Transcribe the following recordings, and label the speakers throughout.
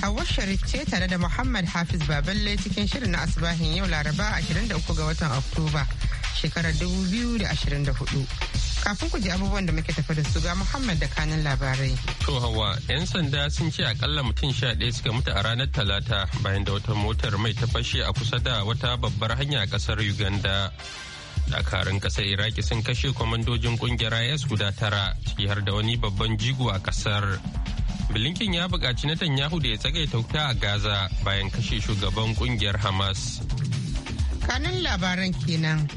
Speaker 1: Hawwa Sharif tare da Muhammad Hafiz Baballe cikin shirin na asibahin yau Laraba 23 ga watan Oktoba shekarar 2024. Kafin ku ji abubuwan da muke tafi da su ga Muhammad da kanin labarai.
Speaker 2: To hawa 'yan sanda sun ce akalla mutum sha ɗaya suka mutu a ranar Talata bayan da wata motar mai ta fashe a kusa da wata babbar hanya a ƙasar Uganda. dakarun kasa iraki sun kashe kwamandojin ƙungiyar is guda tara ciki har da wani babban jigo a ƙasar. Blinken ya buƙaci Netanyahu da ya tsagaita wuta a Gaza bayan kashe shugaban kungiyar Hamas.
Speaker 1: Kanin labaran kenan.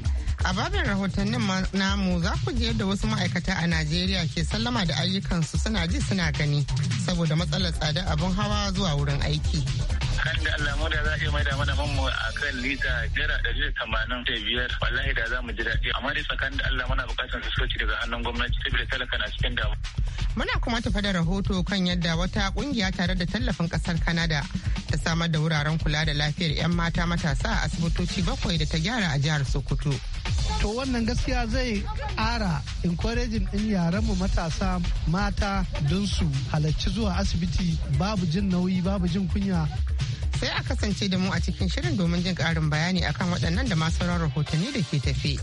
Speaker 1: A babin rahotannin namu za ku je yadda wasu ma'aikata a Najeriya ke sallama da ayyukansu suna ji suna gani saboda matsalar tsada abin hawa zuwa wurin aiki.
Speaker 3: kan da Allah mu da za a iya maida mana mu a kan lita jira da da tamanin da biyar wallahi da za mu ji daɗi amma dai tsakanin da Allah muna buƙatar su soci daga hannun gwamnati saboda talaka na cikin damu. Muna
Speaker 1: kuma tafa da rahoto kan yadda wata kungiya tare da tallafin kasar Kanada ta samar da wuraren kula da lafiyar 'yan mata matasa a asibitoci bakwai da ta gyara a jihar Sokoto.
Speaker 4: to wannan gaskiya zai ƙara encouraging din mu matasa mata
Speaker 1: don su halarci zuwa asibiti babu jin nauyi babu jin kunya sai a kasance da mu a cikin shirin domin jin karin bayani akan waɗannan da masu sauran rahotanni da ke tafi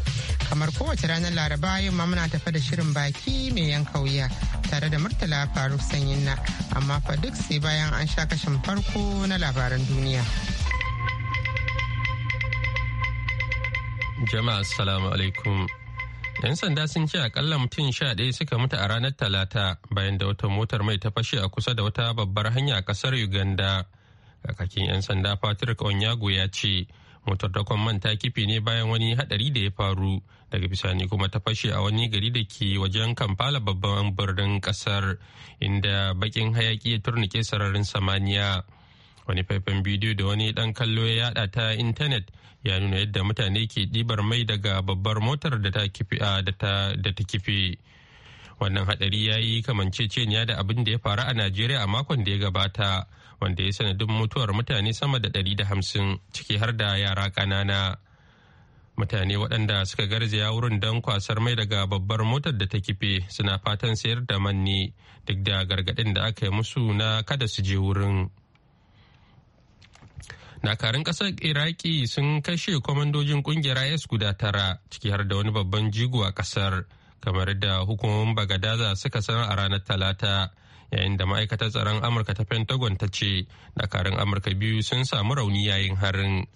Speaker 1: kamar kowace ranar laraba yau ma muna tafe da shirin baki mai yanka wuya tare da murtala faruk sanyin na amma fa duk sai bayan an sha kashin farko na labaran duniya
Speaker 2: jama'a assalamu alaikum 'Yan sanda sun ce akalla mutum sha ɗaya suka mutu a ranar Talata bayan da wata motar mai ta fashe a kusa da wata babbar hanya a ƙasar Uganda kakakin 'yan sanda patrick onyago ya ce motar dakon man ta kife ne bayan wani hadari da ya faru daga bisani kuma ta fashe a wani gari da ke wajen kamfala babban birnin kasar inda bakin hayaki ya turnike sararin samaniya wani faifan bidiyo da wani dan kallo ya yada ta intanet ya nuna yadda mutane ke ɗibar mai daga babbar motar da ta kife wannan hadari ya yi kamanceceniya da abin da ya faru a najeriya a makon da ya gabata wanda ya sanadin mutuwar mutane sama da ɗari da hamsin ciki har da yara ƙanana. Mutane waɗanda suka garzaya wurin don kwasar mai daga babbar motar da ta kife suna fatan sayar da manne duk da gargaɗin da aka yi musu na kada su je wurin. dakarun ƙasar iraki sun kashe kwamandojin ƙungiyar is guda tara ciki har da wani babban jigo a ƙasar kamar da hukumomin bagadaza suka sanar a ranar talata yayin da ma'aikatar tsaron amurka ta pentagon ta ce dakarun amurka biyu sun samu rauni yayin harin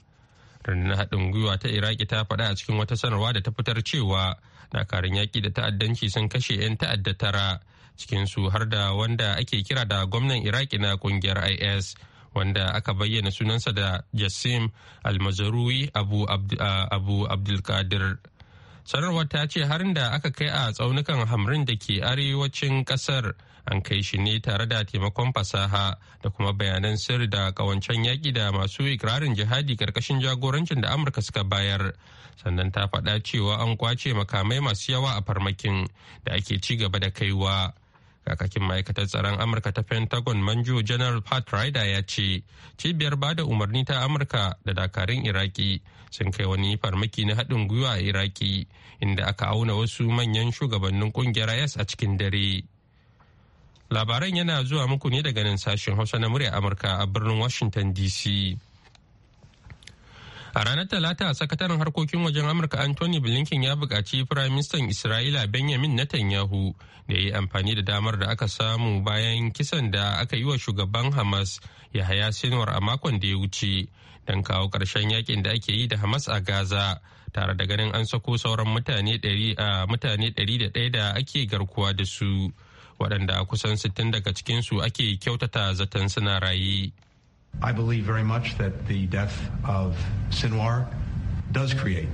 Speaker 2: rundunar haɗin gwiwa ta iraki ta faɗa a cikin wata sanarwa da ta fitar cewa dakarun yaƙi da ta'addanci sun kashe 'yan ta'adda tara cikinsu har da wanda ake kira da gwamnan iraki na ƙungiyar is wanda aka bayyana sunansa da jassim almazarui abu, abdulkadir sanarwar ta ce harin da aka kai a tsaunukan hamrin da ke arewacin ƙasar an kai shi ne tare da taimakon fasaha da kuma bayanan sirri da kawancen yaƙi da masu ikirarin jihadi ƙarƙashin jagorancin da amurka suka bayar sannan ta faɗa cewa an kwace makamai masu yawa a farmakin da ake ci gaba da kaiwa kakakin ma'aikatar tsaron amurka ta pentagon manjo general pat ryder ya ce cibiyar ba da umarni ta amurka da dakarun iraki sun kai wani farmaki na haɗin gwiwa a iraki inda aka auna wasu manyan shugabannin ƙungiyar is a cikin dare Labaran yana zuwa muku ne daga nan sashen Hausa na murya Amurka a birnin Washington DC. A ranar Talata, sakataren harkokin wajen Amurka Anthony Blinken ya buƙaci Firaministan Isra'ila Benjamin Netanyahu da ya yi amfani da damar da aka samu bayan kisan da aka yi wa shugaban Hamas Yahaya sinuwar a makon da ya wuce don kawo karshen yakin da ake yi da Hamas a Gaza tare da ganin an sako sauran mutane 100 da ɗaya da ake garkuwa da su. waɗanda kusan 60 daga cikinsu ake kyautata zaton suna raye.
Speaker 4: I believe very much that the death of Sinwar does create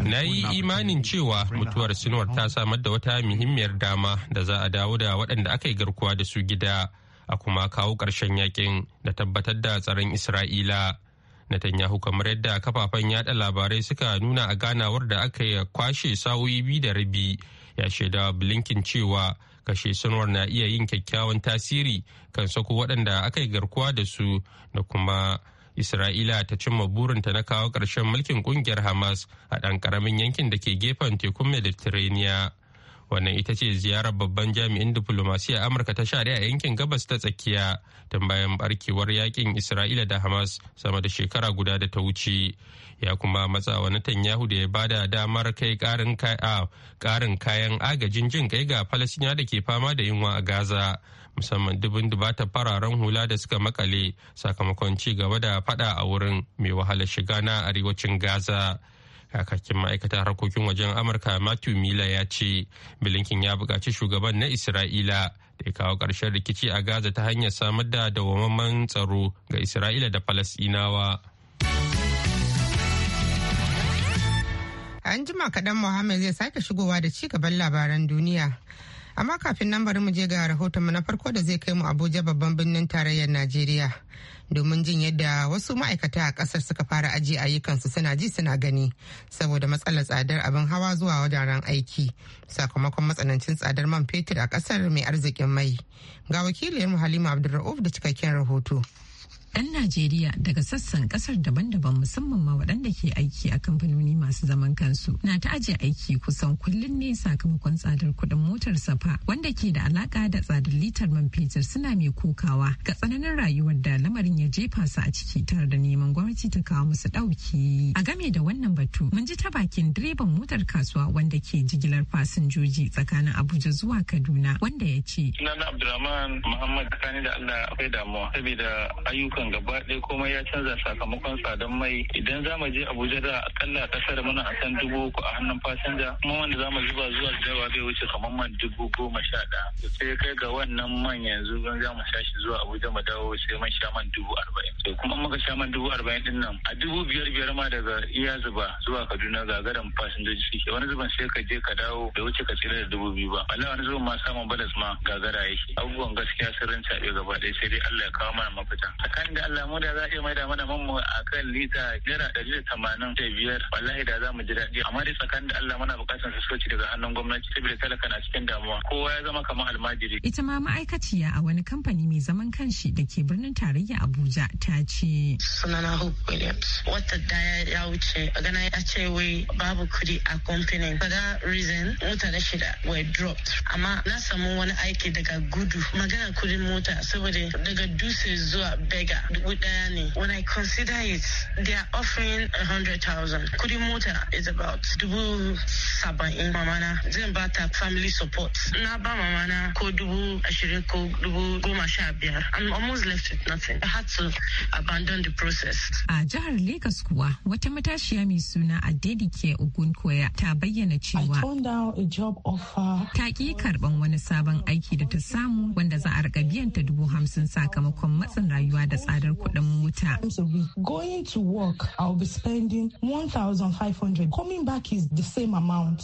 Speaker 4: Na yi imanin
Speaker 2: cewa mutuwar Sinwar ta samar da wata muhimmiyar dama da za a dawo da waɗanda aka yi garkuwa da su gida a kuma kawo ƙarshen yakin da tabbatar da tsaron Isra'ila. Netanyahu kamar yadda kafafen yada labarai suka nuna a ganawar da aka kwashe sa'o'i biyu da rabi ya shaida Blinken cewa kashe sanwar na iya yin kyakkyawan tasiri kan sako waɗanda aka yi garkuwa da su da kuma isra'ila ta cimma burinta na kawo ƙarshen mulkin ƙungiyar hamas a ɗan ƙaramin yankin da ke gefen tekun mediterranean wannan ita ce ziyarar babban jami'in diflomasiyyar amurka ta sha a yankin gabas ta tsakiya tun bayan barkewar yakin isra'ila da hamas sama da shekara guda da ta wuce ya kuma matsa wa netanyahu da ya bada damar kai karin kayan agajin jin kai ga falasina da ke fama da yunwa a gaza musamman dubin dubata fararen hula da suka makale sakamakon ci gaba da fada a wurin mai wahalar shiga na arewacin gaza kakakin ma'aikatan harkokin wajen amurka matthew miller ya ce bilinkin ya buƙaci shugaban na isra'ila da ya kawo ƙarshen rikici a gaza ta hanyar samar da dawwammamen tsaro ga isra'ila da falasɗinawa
Speaker 1: an jima kaɗan mohammed zai sake shigowa da ci gaban labaran duniya amma kafin nan bari mu je ga rahotonmu na farko da zai kai mu abuja babban birnin tarayyar najeriya domin jin yadda wasu ma'aikata a kasar suka fara aji ayyukansu suna ji suna gani saboda matsalar tsadar abin hawa zuwa wajen aiki sakamakon matsanancin tsadar man fetur a kasar mai arzikin mai ga wakiliyar halima abdulra'uf da cikakken rahoto
Speaker 5: 'yan Najeriya daga sassan kasar daban-daban musamman ma waɗanda ke aiki a kamfanoni masu zaman kansu na ta ajiye aiki kusan kullum ne sakamakon tsadar kuɗin motar safa wanda ke da alaƙa da tsadar litar man fetur suna mai kokawa ga tsananin rayuwar da lamarin ya jefa su a ciki tare da neman gwamnati ta kawo musu ɗauki. A game da wannan batu mun ji ta bakin direban motar kasuwa wanda ke jigilar fasinjoji tsakanin Abuja zuwa Kaduna wanda ya ce.
Speaker 3: Sunana Abdulrahman Muhammad tsakanin da Allah akwai damuwa saboda ayyukan ayyukan gaba ɗaya komai ya canza sakamakon tsadan mai idan za mu je abuja da akalla ƙasar muna a kan dubu uku a hannun fasinja kuma wanda za mu zuba zuwa jawa bai wuce kamar man dubu goma sha ɗaya sai kai ga wannan man yanzu don za mu sha shi zuwa abuja mu dawo sai mun sha man dubu arba'in to kuma muka sha man dubu arba'in din nan a dubu biyar biyar ma daga iya zuba zuwa kaduna gagarin fasinjoji suke wani zuban sai ka je ka dawo da wuce ka tsira da dubu biyu ba wala wani zuban ma samun balas ma gagara yake abubuwan gaskiya sun rincaɓe gaba ɗaya sai dai allah ya kawo mana mafita da Allah mu da za a iya maida mana mu a kan lita naira ɗari da tamanin da biyar wallahi da za mu ji daɗi amma dai tsakanin da Allah muna buƙatar su soci daga hannun gwamnati saboda talaka na cikin damuwa kowa ya zama kamar almajiri. Ita ma
Speaker 5: ma'aikaciya a wani kamfani mai zaman kanshi da ke birnin tarayya Abuja ta ce.
Speaker 6: Sunana Hope Williams. Wata daya ya wuce gana ya ce wai babu kudi a kamfanin. Kaga reason na shida wai drop amma na samu wani aiki daga gudu magana kudin mota saboda daga dutse zuwa bega dubu daya ne when i consider it they are offering a hundred thousand kudin mota is about dubu saba'in mamana zan ba family support na ba mamana ko dubu ashirin ko dubu goma sha biyar i'm almost left with nothing i had to abandon the process
Speaker 5: a jihar lagos kuwa wata matashiya mai suna adedike ogun koya ta bayyana cewa ta ki karban wani sabon aiki da ta samu wanda za a rika biyan ta dubu hamsin sakamakon matsin rayuwa da tsari tsadar kuɗin mota. Going to work, be spending 1,500. Coming back is the same A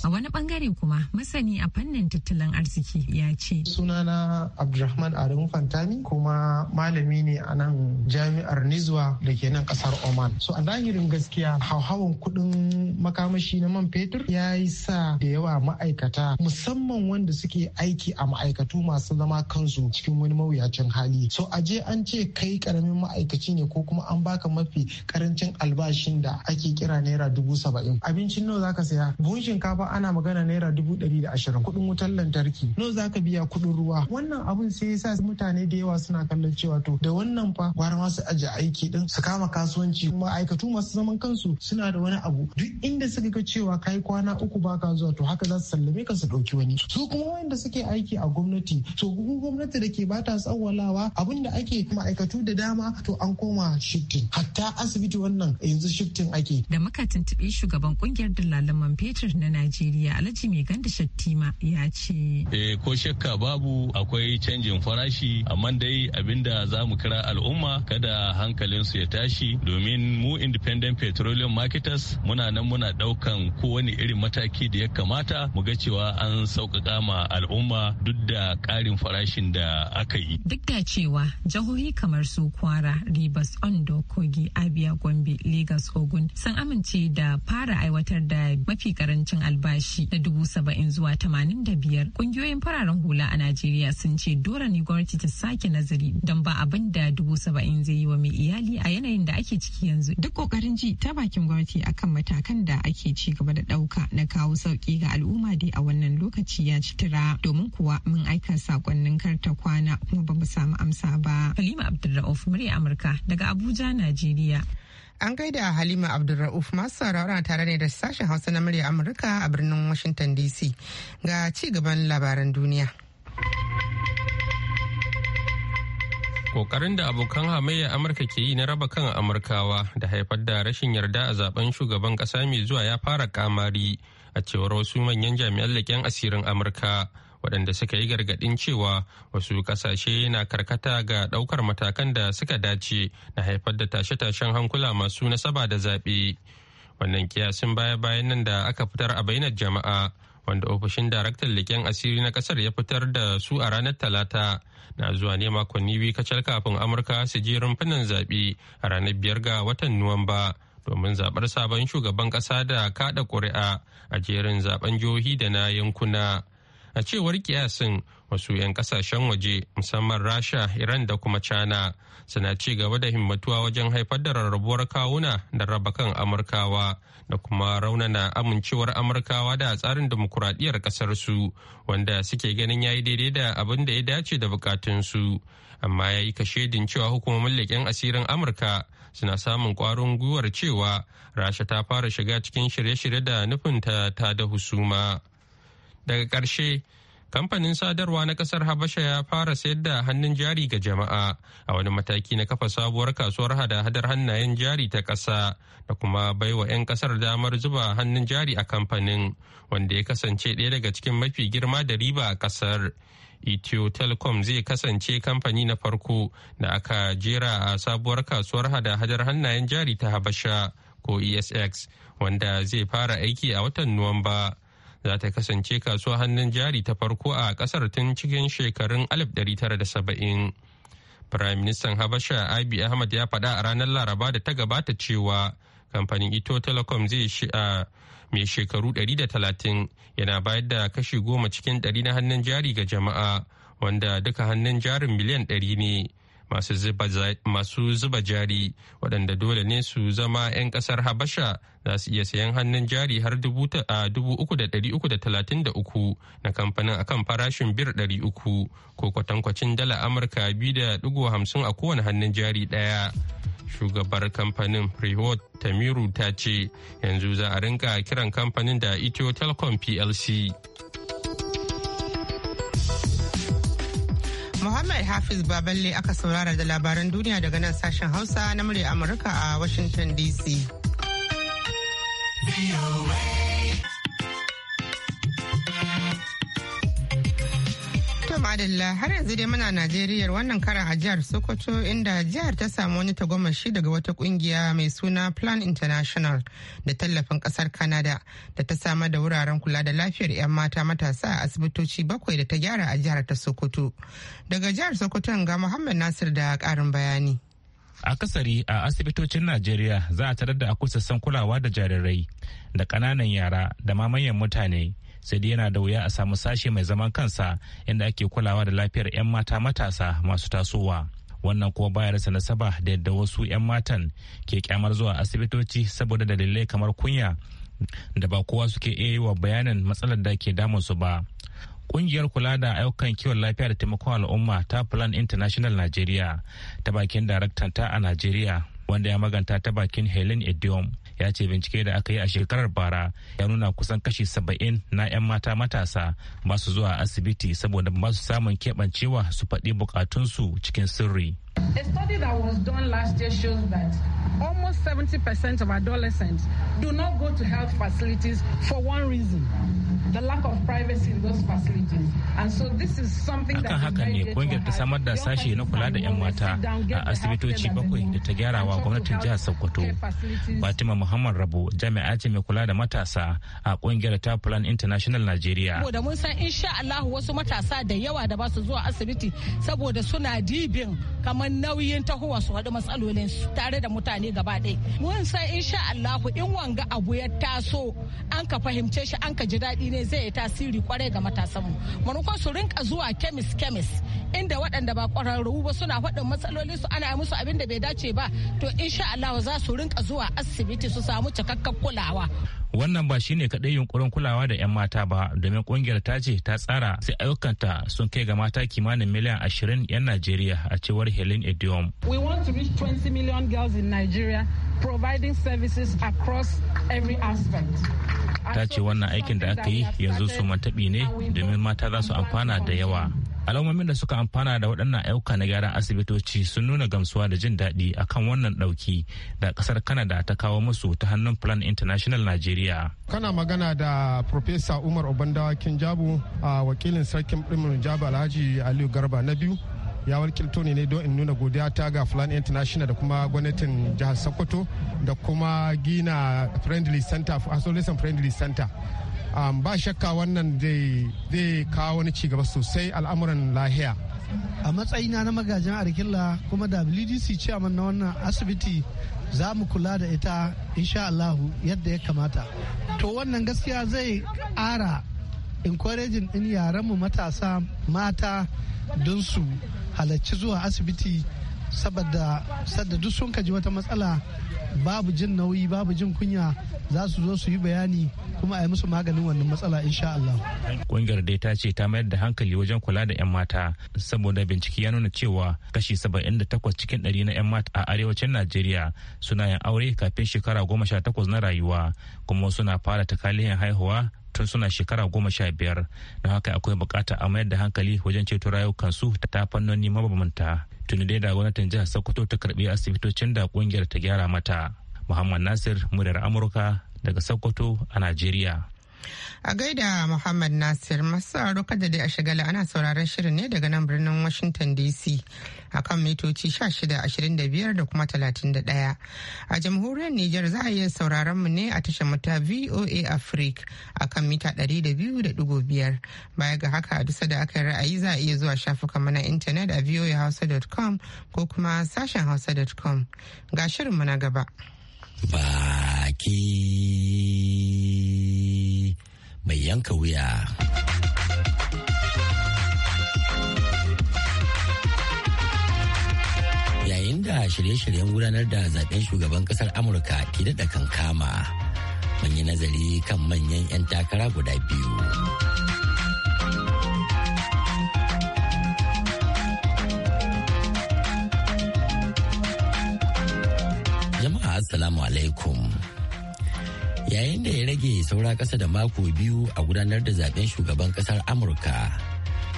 Speaker 5: wani bangare kuma masani a fannin tattalin arziki ya ce. Sunana
Speaker 1: Abdulrahman Adamu Fantani kuma malami ne a nan jami'ar Nizwa da ke nan kasar Oman. So a zahirin gaskiya hauhawan kuɗin makamashi na man fetur ya yi sa da yawa ma'aikata musamman wanda suke aiki a ma'aikatu masu zama kansu cikin wani mawuyacin hali. So a je an ce kai karamin karamin ma'aikaci ne ko kuma an baka mafi karancin albashin da ake kira naira dubu saba'in abincin nawa zaka saya buhun shinkafa ana magana naira dubu ɗari da ashirin kuɗin wutar lantarki nawa zaka biya kuɗin ruwa wannan abun sai yasa mutane da yawa suna kallon cewa to da wannan fa gwara ma su aje aiki din su kama kasuwanci ma'aikatu masu zaman kansu suna da wani abu duk inda suka ga cewa kai kwana uku baka zuwa to haka za su sallame ka su ɗauki wani
Speaker 4: su kuma wanda suke aiki a gwamnati to gwamnati
Speaker 1: da ke bata tsawalawa abun da ake ma'aikatu da dama dama to an koma shifting hatta
Speaker 5: asibiti wannan yanzu shifting ake da muka tuntubi shugaban kungiyar dillalan man fetur na Najeriya Alhaji Mai Ganda Shattima ya ce
Speaker 7: eh ko shakka babu akwai canjin farashi amma dai abinda za mu kira al'umma kada hankalin su ya tashi domin mu independent petroleum marketers muna nan muna daukan kowane irin mataki da ya kamata mu ga cewa an sauƙaƙa ma al'umma duk da ƙarin farashin da aka yi
Speaker 5: duk da cewa jihohi kamar su kwara ribas ondo kogi abia gombe lagos ogun sun amince da fara aiwatar da mafi karancin albashi na dubu saba'in zuwa tamanin da biyar kungiyoyin fararen hula a najeriya sun ce dora ne gwamnati ta sake nazari don ba abin da dubu saba'in zai yi wa mai iyali a yanayin da ake ciki yanzu duk kokarin ji ta bakin gwamnati akan matakan da ake ci gaba da ɗauka na kawo sauki ga al'umma dai a wannan lokaci ya ci tura domin kuwa mun aika sakonnin karta kwana kuma ba mu samu amsa ba halima abdulrauf murya Amurka daga Abuja, Najeriya.
Speaker 1: An gaida Halima Abdulra'uf masu sauraro tare ne da sashen Hausa na murya Amurka a birnin Washington DC ga ci gaban labaran duniya.
Speaker 2: Kokarin da abokan hamayya Amurka ke yi na raba kan Amurkawa da haifar da rashin yarda a zaben shugaban ƙasa mai zuwa ya fara kamari a cewar wasu manyan jami'an leƙen asirin Amurka. waɗanda suka yi gargaɗin cewa wasu ƙasashe na karkata ga ɗaukar matakan da suka dace na haifar da tashe-tashen hankula masu nasaba da zaɓe. Wannan kiyasin baya-bayan nan da aka fitar a bainar jama'a wanda ofishin daraktan leƙen asiri na ƙasar ya fitar da su a ranar talata na zuwa ne makonni biyu kacal kafin amurka su je rumfunan zaɓe a ranar biyar ga watan nuwamba domin zaɓar sabon shugaban ƙasa da kaɗa ƙuri'a a jerin zaɓen jihohi da na yankuna a cewar kiyasin wasu 'yan kasashen waje musamman rasha iran da kuma china suna ci gaba da himmatuwa wajen haifar da rarrabuwar kawuna da raba kan amurkawa da kuma raunana amincewar amurkawa da tsarin demokuraɗiyyar ƙasarsu wanda suke ganin ya yi daidai da abin da ya dace da bukatunsu amma ya yi kashedin cewa hukumomin leƙen asirin amurka suna samun ƙwarin gwiwar cewa rasha ta fara shiga cikin shirye-shirye da nufinta ta da husuma. daga ƙarshe kamfanin sadarwa na ƙasar habasha ya fara sayar da hannun jari ga jama'a a wani mataki na kafa sabuwar kasuwar hada-hadar hannayen jari ta ƙasa da kuma baiwa 'yan ƙasar damar zuba hannun jari a kamfanin wanda ya kasance ɗaya daga cikin mafi girma da riba a ƙasar Ethio Telecom zai kasance kamfani na farko da aka jera a sabuwar kasuwar hada-hadar hannayen jari ta Habasha ko ESX wanda zai fara aiki a watan Nuwamba. za ta kasance kasuwa hannun jari ta farko a kasar tun cikin shekarun 1970. Firaministan Habasha Abi Ahmad ya faɗa a ranar Laraba da ta gabata cewa kamfanin Ito Telecom zai shi a mai shekaru 130 yana bayar da kashi goma cikin ɗari na hannun jari ga jama'a wanda duka hannun jarin miliyan ɗari ne masu zuba jari waɗanda dole ne su zama 'yan ƙasar habasha za su iya sayan hannun jari har uku na kamfanin akan farashin bir uku ko kwatankwacin dala amurka hamsin a kowane hannun jari ɗaya shugabar kamfanin prihot tamiru ta ce yanzu za a rinka kiran kamfanin da ethio telecom plc
Speaker 1: Muhammad Hafiz Baballe aka saurara da labaran duniya daga nan sashen Hausa na murya Amurka a Washington DC. madalla har yanzu dai muna Najeriya wannan kara a jihar Sokoto inda jihar ta samu wani tagomashi daga wata kungiya mai suna Plan International da tallafin kasar Canada da ta samar da wuraren kula da lafiyar 'yan mata matasa a asibitoci bakwai da ta gyara a jihar ta Sokoto. Daga jihar Sokoto ga Muhammad Nasir da karin bayani.
Speaker 7: kasari a asibitocin Najeriya za a tarar da akwai sassan kulawa da jarirai da ƙananan yara da ma mutane. sai dai yana da wuya a samu sashe mai zaman kansa inda ake kulawa da lafiyar 'yan mata matasa masu tasowa wannan kuma bayar rasa nasaba da yadda wasu 'yan matan ke kyamar zuwa asibitoci saboda dalilai kamar kunya da ba kowa suke iya yi wa bayanin matsalar da ke su ba ƙungiyar kula da ayyukan kiwon lafiya da taimakon al'umma ta plan international nigeria ta bakin daraktan ta a nigeria wanda ya maganta ta bakin helen idiom ya ce bincike da aka yi a shekarar bara ya nuna kusan kashi saba'in na 'yan mata matasa ba su zuwa asibiti saboda ba su samun keɓancewa su faɗi bukatunsu cikin sirri. A study that was done last year shows that almost 70% of adolescents do not go to health facilities for one reason. Akan haka ne kungiyar ta samar da sashe na kula da 'yan mata a asibitoci bakwai da ta gyara wa gwamnatin jihar Sokoto. Fatima Muhammad Rabo jami'a ce mai kula da matasa a kungiyar ta Plan International Nigeria. Saboda
Speaker 5: mun san insha Allah wasu matasa da yawa da ba su zuwa asibiti saboda suna dibin kamar nauyin tahowa su haɗu matsalolin tare da mutane gaba ɗaya. Mun san insha Allah in wanga abu ya taso an ka fahimce shi an ka ji daɗi ne ne zai yi tasiri kwarai ga matasanmu maimakon su rinka zuwa kemis kemis inda waɗanda ba ƙwararru ba suna faɗin matsalolin su ana musu abin da bai dace ba to insha Allah za su rinka zuwa asibiti su samu cikakken kulawa
Speaker 7: wannan ba shine kadai yunkurin kulawa da 'yan mata ba domin kungiyar ta ce ta tsara sai ayyukanta sun kai ga mata kimanin miliyan 20 'yan Najeriya a cewar Helen Ediom. We want to reach 20 million girls in Nigeria providing services across every aspect. Ta ce wannan aikin da aka yi yanzu su mantaɓi ne domin mata za su amfana da yawa alamomin da suka amfana da waɗannan ayyuka na gyaran asibitoci sun nuna gamsuwa da jin daɗi akan wannan ɗauki da ƙasar kanada ta kawo musu ta hannun plan international nigeria
Speaker 4: kana magana da professor umar obandawa kinjabu a wakilin sarkin ɗimin jabu alhaji aliyu garba na biyu ya wakilto ne don in nuna godiya ta ga Fulani International da kuma gwamnatin jihar Sokoto da kuma gina Friendly Center, Isolation Friendly Center ba shakka wannan zai kawo wani cigaba sosai al'amuran lahiya a matsayina na magajin arkilla kuma wdc chairman na wannan asibiti za mu kula da ita insha Allahu yadda ya kamata to wannan gaskiya zai ƙara encouraging ɗin mu matasa mata don su halarci zuwa asibiti saboda sadda duk sun kaji wata matsala babu jin nauyi babu jin kunya za su zo su yi bayani kuma a yi musu maganin wannan matsala insha Allah.
Speaker 7: Kungiyar dai ta ce ta mayar da hankali wajen kula da 'yan mata saboda bincike ya nuna cewa kashi 78 cikin 100 na 'yan mata a arewacin Najeriya suna yin aure kafin shekara 18 na rayuwa kuma suna fara takalihin haihuwa tun suna shekara goma sha biyar don haka akwai bukata a mayar da hankali wajen ceto rayukansu ta fannoni mabambanta. tuni dai da gwamnatin jihar sokoto ta karbi asibitocin da kungiyar ta gyara mata muhammad nasir muryar amurka daga sokoto a najeriya
Speaker 1: A gaida Muhammad Nasir masu tsaro kada dai a shigala ana sauraron shirin ne daga nan birnin Washington DC a kan mitoci 1625 da kuma 31. A jamhuriyar Nijar za a iya sauraron mu ne a tashar mata VOA Africa a kan mita 200.5. Baya ga haka a dusa da aka yi ra'ayi za a iya zuwa shafukan mana intanet a voahausa.com ko kuma sashen hausa.com. Ga shirin mu na gaba.
Speaker 6: Baki. mai yanka wuya. Yayin da shirye-shiryen gudanar da zaben shugaban kasar Amurka ke daɗa kankama, mun yi nazari kan manyan 'yan takara guda biyu. Jama'a Assalamu alaikum. yayin da ya rage saura ƙasa da mako biyu a gudanar da zaben shugaban ƙasar amurka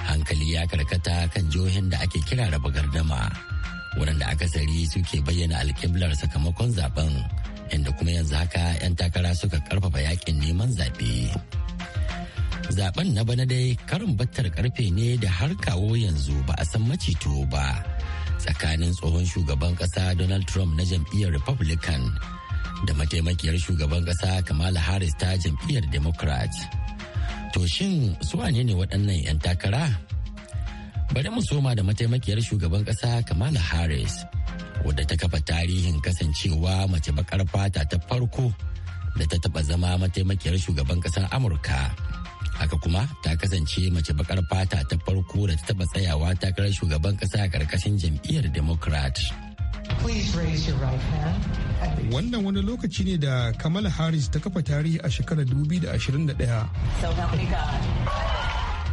Speaker 6: hankali ya karkata kan jihohin da ake kira raba gardama waɗanda akasari suke bayyana alkiblar sakamakon zaben inda kuma yanzu haka 'yan takara suka karfafa yakin neman zaɓe. zaben na bana dai karin battar karfe ne da har kawo yanzu ba a san macito ba tsakanin tsohon shugaban kasa donald trump na jam'iyyar republican da mataimakiyar shugaban ƙasa Kamala Harris ta jam'iyyar Democrat. To shin su wane ne waɗannan 'yan takara? Bari mu soma da mataimakiyar shugaban ƙasa Kamala Harris, wadda ta kafa tarihin kasancewa mace bakar fata ta farko da ta taba zama mataimakiyar shugaban ƙasar Amurka. Haka kuma ta kasance mace bakar fata ta farko da ta taba tsayawa takarar shugaban ƙasa a ƙarƙashin jam'iyyar Democrat.
Speaker 4: Wannan wani lokaci ne da Kamala Harris ta kafa tarihi a shekarar 2021.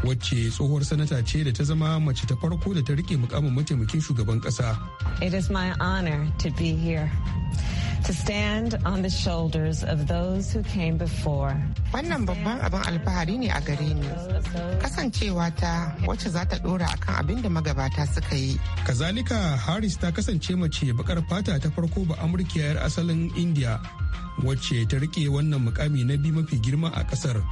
Speaker 4: Wacce tsohuwar sanata ce da ta zama mace ta farko da ta rike mukamin mataimakin shugaban kasa.
Speaker 8: It is my honor to be here. to stand on the shoulders of those who came before. Wannan babban abin
Speaker 1: alfahari ne a gare ni. Kasancewa ta wacce za ta dora akan abin da magabata
Speaker 4: suka yi. Kazalika Harris ta kasance mace bakar fata ta farko ba Amurkiyar asalin India wacce ta rike wannan mukami na biyu mafi girma a kasar.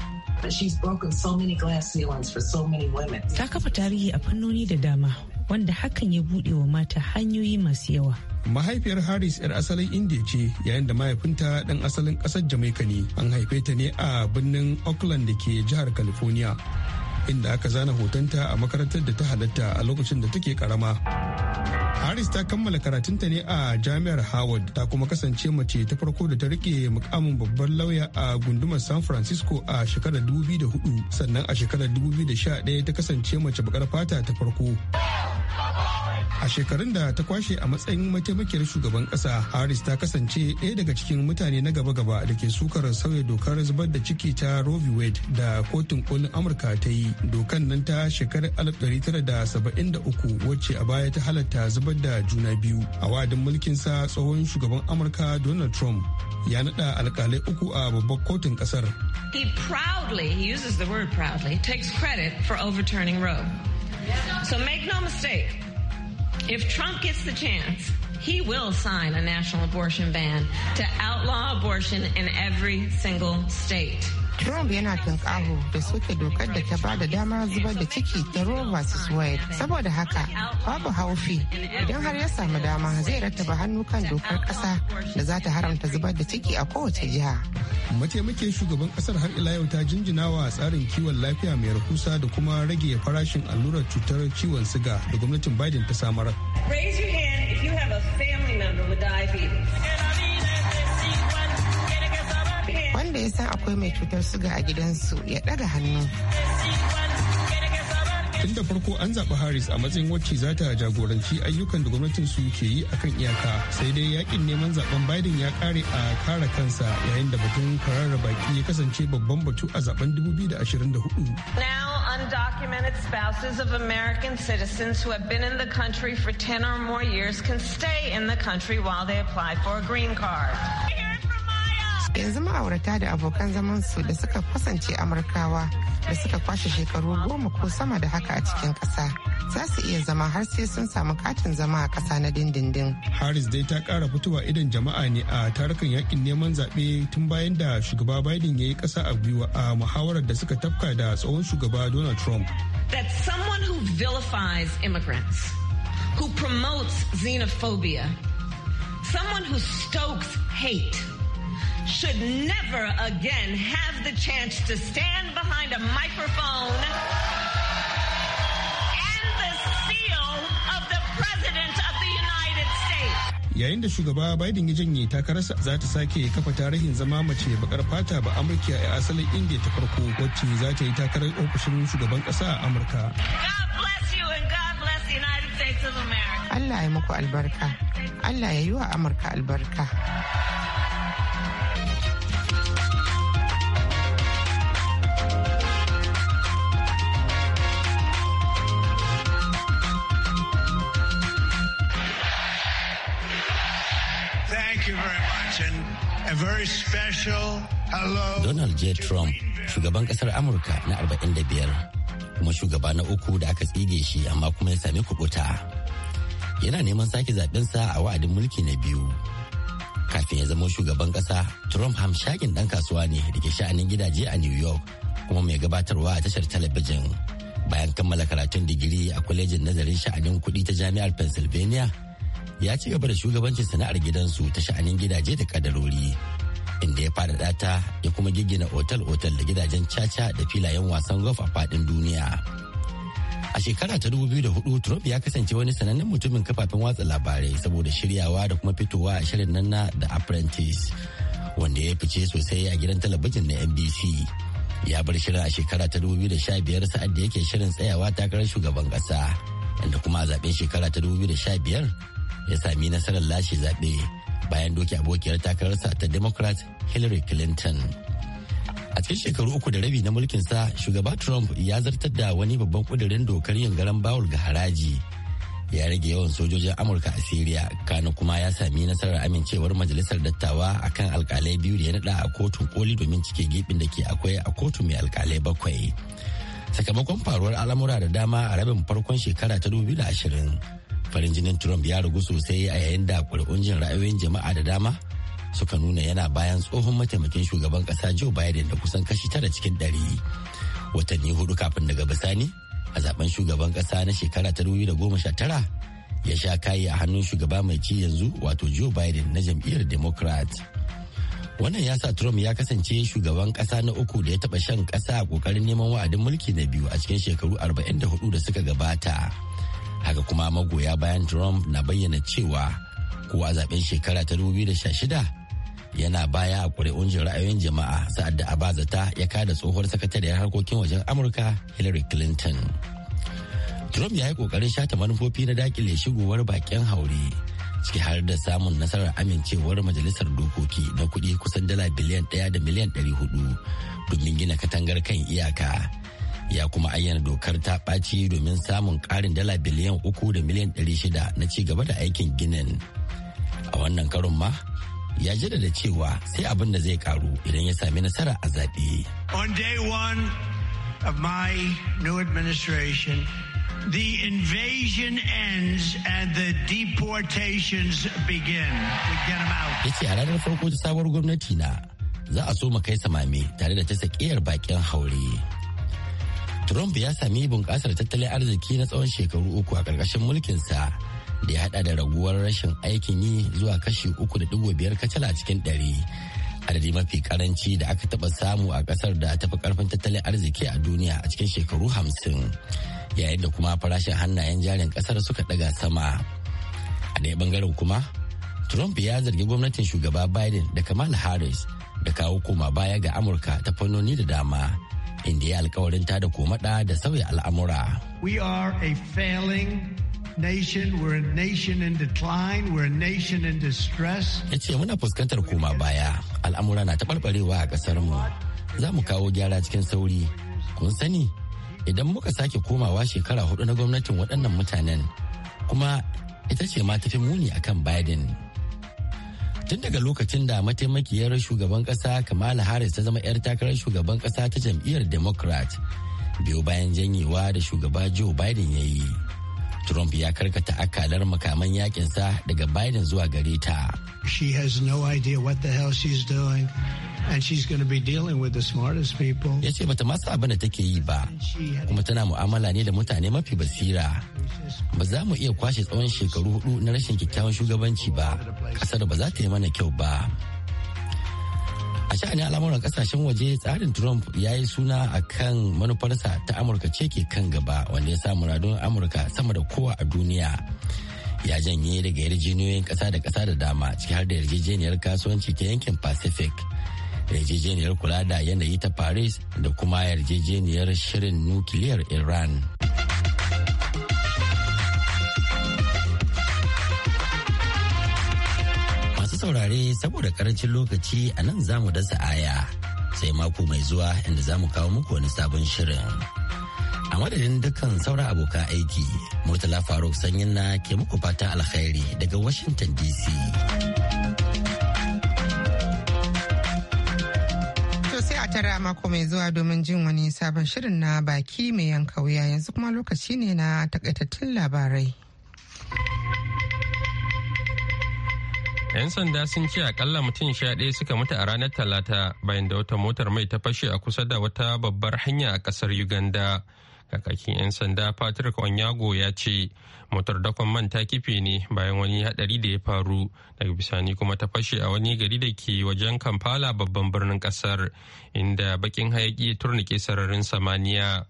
Speaker 5: She's broken so many glass ceilings for so many women. Ta kafa tarihi a fannoni da dama
Speaker 1: wanda hakan ya buɗe wa mata hanyoyi masu yawa.
Speaker 4: Mahaifiyar Harris 'yar asalin Indiya ce yayin da mahaifinta ɗan asalin ƙasar Jamaika ne. An haife ta ne a birnin Auckland da ke jihar California. inda aka zana hotonta a makarantar da ta halatta a lokacin da take karama. Harris ta kammala karatunta ne a jami'ar Howard ta kuma kasance mace ta farko da ta rike mukamin babban lauya a gundumar San Francisco a shekarar 2004 sannan a shekarar 2011 ta kasance mace bakar fata ta farko. A shekarun da ta kwashe a matsayin mataimakiyar shugaban kasa Harris ta kasance ɗaya daga cikin mutane na gaba-gaba da ke sukar sauya dokar zubar da ciki ta Roe v. Wade da kotun kolin Amurka ta yi. Dokan nan ta shekarar 1973 wacce a baya ta halatta zubar da juna biyu. A wa'adin sa tsohon shugaban Amurka Donald Trump ya naɗa alkalai uku a babbar kotun ƙasar.
Speaker 8: He proudly, he uses the word proudly, takes credit for overturning Roe. So make no mistake, if Trump gets the chance, he will sign a national abortion ban to outlaw abortion in every single state. Trump yana tunƙaho
Speaker 1: da soke dokar da ta ba da dama zubar da ciki ta Roe vs. Wade. Saboda haka, babu haufi idan har ya samu dama zai rattaba hannu kan dokar ƙasa da za ta haramta zubar da ciki a kowace jiha.
Speaker 4: Mataimakin shugaban ƙasar har ila yau ta jinjinawa wa tsarin kiwon lafiya mai rahusa da kuma rage farashin allurar cutar ciwon siga da gwamnatin
Speaker 1: Biden ta samar.
Speaker 8: Raise your hand if you have a family member with diabetes.
Speaker 1: wanda ya akwai mai cutar suga a gidansu ya hannu.
Speaker 4: tun da farko an zaɓi harris a matsayin wacce za ta jagoranci ayyukan da gwamnatin su ke yi iyaka sai dai yakin neman zaben biden ya kare a kare kansa yayin da batun baki ya kasance babban batu a zaben 2024
Speaker 8: undocumented spouses of American citizens who have been in the country for 10 or more years can stay in the country while they apply for a green card.
Speaker 1: yanzu ma'aurata da abokan zaman su da suka kasance amurkawa da suka kwashe shekaru goma ko sama da haka a cikin ƙasa za su iya zama har sai sun samu katin zama a ƙasa na dindindin.
Speaker 4: Harris dai ta ƙara fitowa idan jama'a ne a tarukan yakin neman zaɓe tun bayan da shugaba Biden ya yi ƙasa a gwiwa a muhawarar da suka tafka da tsohon shugaba Donald Trump.
Speaker 8: That someone who vilifies immigrants, who promotes xenophobia, someone who stokes hate should never again have the chance to stand behind a microphone and the seal of the President of the United States.
Speaker 4: Yayin da shugaba Biden ya janye takararsa za ta sake kafa tarihin zama mace bakar fata ba Amurka a asalin Indiya ta farko wacce za ta yi takarar ofishin shugaban kasa a Amurka.
Speaker 8: God bless you and God bless United States of America.
Speaker 1: Allah ya muku albarka. Allah ya yi wa Amurka albarka.
Speaker 3: a
Speaker 6: Donald J. Trump, shugaban kasar Amurka na 45, kuma shugaba na uku da aka tsige shi amma kuma ya sami kubuta. Yana neman sake zaɓensa a wa'adin mulki na biyu. Kafin ya zama shugaban ƙasa, Trump hamshakin ɗan kasuwa ne da ke sha'anin gidaje a New York kuma mai gabatarwa a tashar talabijin. Bayan kammala karatun digiri a kwalejin nazarin sha'anin kuɗi ta jami'ar Pennsylvania, ya ci gaba da shugabancin sana'ar gidansu ta sha'anin gidaje da kadarori inda ya faɗaɗa ta ya kuma giggina otal-otal da gidajen caca da filayen wasan golf a faɗin duniya. A shekara ta 2004 Trump ya kasance wani sanannen mutumin kafafen watsa labarai saboda shiryawa da kuma fitowa a shirin nan na The Apprentice wanda ya fice sosai a gidan talabijin na NBC. Ya bar shirin a shekara ta 2015 sa'ad da yake shirin tsayawa takarar shugaban kasa. Inda kuma a zaben shekara ta 2015 ya sami nasarar lashe zaɓe bayan doki abokiyar takararsa ta democrat hillary clinton a cikin shekaru uku da rabi na mulkinsa shugaba trump ya zartar da wani babban kudirin dokar yin garan bawul ga haraji ya rage yawan sojojin amurka a syria kano kuma ya sami nasarar amincewar majalisar dattawa akan alkalai biyu da ya nada a kotun koli domin cike gibin da ke akwai a kotu mai alkalai bakwai sakamakon faruwar al'amura da dama a rabin farkon shekara ta 2020 farin jinin trump ya ragu sosai a yayin da kuri'un jin ra'ayoyin jama'a da dama suka nuna yana bayan tsohon mataimakin shugaban ƙasa joe biden da kusan kashi tara cikin ɗari watanni hudu kafin daga bisani a zaben shugaban ƙasa na shekara ta tara ya sha kayi a hannun shugaba mai ci yanzu wato joe biden na jam'iyyar democrat wannan ya sa trump ya kasance shugaban ƙasa na uku da ya taba shan ƙasa a kokarin neman wa'adin mulki na biyu a cikin shekaru 44 da suka gabata haka kuma magoya bayan trump na bayyana cewa kowa zaben shekara ta 2016 yana baya a ƙuri'un jin ra'ayoyin jama'a sa'ad da abazata ya kada tsohuwar sakatariyar harkokin wajen amurka hillary clinton trump ya yi ƙoƙarin shata manufofi na dakile shigowar bakin haure ciki har da samun nasarar amincewar majalisar dokoki na kuɗi kusan dala biliyan ɗaya da miliyan ɗari domin gina katangar kan iyaka ya kuma ayyana dokar ta ɓaci domin samun ƙarin dala biliyan uku da miliyan ɗari shida na ci gaba da aikin ginin a wannan karon ma ya da cewa sai abin da zai karu idan ya sami nasara a zaɓe. on day one
Speaker 3: of my new administration the invasion ends
Speaker 6: and the deportations begin we get them out yace a ranar farko ta sabuwar gwamnati na za a so mu kai samame tare da ta sakiyar bakin haure Trump ya sami bunƙasar tattalin arziki na tsawon shekaru uku a ƙarƙashin mulkinsa da ya haɗa da raguwar rashin aikin yi zuwa kashi uku da dubu biyar kacal a cikin ɗari. Adadi mafi karanci da aka taɓa samu a ƙasar da tafi ƙarfin tattalin arziki a duniya a cikin shekaru hamsin. Yayin da kuma farashin hannayen jarin ƙasar suka ɗaga sama. A ɗaya ɓangaren kuma, Trump ya zargi gwamnatin shugaba Biden da Kamala Harris da kawo koma baya ga Amurka ta fannoni da dama. inda ya alkawarin ta koma komada da sauya al'amura. We are a failing nation, we're a nation in decline, we're a nation in distress. Ya ce muna fuskantar koma baya, al'amura na taɓarɓarewa a mu Za mu kawo gyara cikin sauri. Kun sani, idan muka sake komawa shekara hudu na gwamnatin waɗannan mutanen, kuma ita ce ma tafi muni akan Biden. tun daga lokacin da mataimakiyar shugaban kasa kamala harris ta zama 'yar takarar shugaban kasa ta jam'iyyar democrat biyu bayan janyewa da shugaba joe biden ya yi Trump ya karkata akalar makaman yakinsa daga Biden zuwa gare ta.
Speaker 3: She has no idea what
Speaker 6: the hell she's doing. and she's going to Ya ce bata masu abin da take yi ba, kuma tana mu'amala ne da mutane mafi basira. Ba za mu iya kwashe tsawon shekaru hudu na rashin kyakkyawan shugabanci ba, kasar ba za ta yi mana kyau ba. A sha'anin al'amuran kasashen waje tsarin Trump ya yi suna a kan manufarsa ta Amurka ce ke kan gaba wanda ya sa muradun Amurka sama da kowa a duniya. ya janye daga yarjejeniyoyin ƙasa da kasa da dama ciki har da yarjejeniyar kasuwanci ta yankin pacific yarjejeniyar kula da yanayi ta paris da kuma yarjejeniyar shirin nukiliyar iran masu saurare saboda karancin lokaci a nan za mu dasa aya sai mako mai zuwa inda zamu kawo muku wani sabon shirin a madadin dukkan sauran abokan aiki murtala faruk sanyin na ke muku fata alkhairi daga washington dc
Speaker 1: a tara mako mai zuwa domin jin wani sabon shirin na baki mai yanka wuya yanzu kuma lokaci ne na takaitattun labarai.
Speaker 2: 'Yan sanda sun ce akalla mutum sha ɗaya suka mutu a ranar Talata bayan da wata motar mai ta fashe a kusa da wata babbar hanya a ƙasar Uganda kakakin 'yan sanda patrick onyago ya ce motar dakon man ta kife ne bayan wani hadari da ya faru daga bisani kuma ta fashe a wani gari da ke wajen kampala babban birnin kasar inda bakin hayaki ya turnike sararin samaniya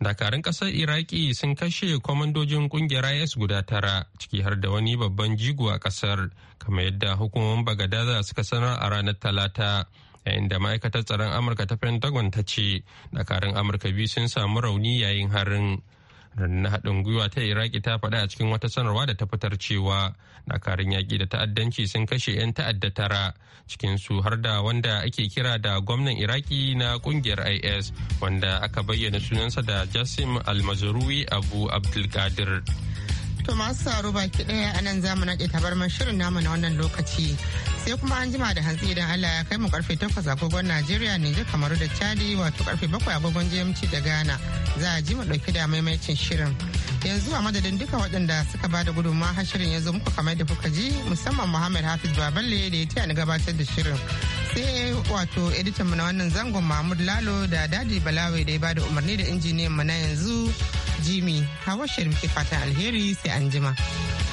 Speaker 2: dakarun kasar iraki sun kashe kwamandojin kungiyar is guda tara ciki har da wani babban jigo a kasar kamar yadda hukumomin bagadaza suka sanar a ranar talata yayin da ma'aikatar tsaron amurka ta pentagon ta ce dakarun amurka biyu sun samu rauni yayin harin na haɗin gwiwa ta iraki ta faɗa a cikin wata sanarwa da ta fitar cewa dakarun yaƙi da ta'addanci sun kashe 'yan ta'adda tara cikin su har da wanda ake kira da gwamnan iraki na ƙungiyar is wanda aka bayyana sunansa da jasim almazrui abu abdulkadir
Speaker 1: To masu saro baki daya a nan zamu tabar tabarmar shirin namu na wannan lokaci. Sai kuma an jima da hantsi idan Allah ya kai mu karfe 8 agogon Najeriya ne je kamar da Chadi wato karfe 7 agogon GMT da Ghana. Za a ji mu ɗauki da maimaicin shirin. Yanzu a madadin duka waɗanda suka bada gudunmawa har shirin ya zo muku kamar da kuka ji musamman Muhammad Hafiz Baballe da ya taya ni gabatar da shirin. Sai wato editan mu na wannan zangon Mahmud Lalo da Dadi Balawe da ya bada umarni da injiniyan mu na yanzu. jimi hawa sharif ke fatan alheri sai anjima? jima.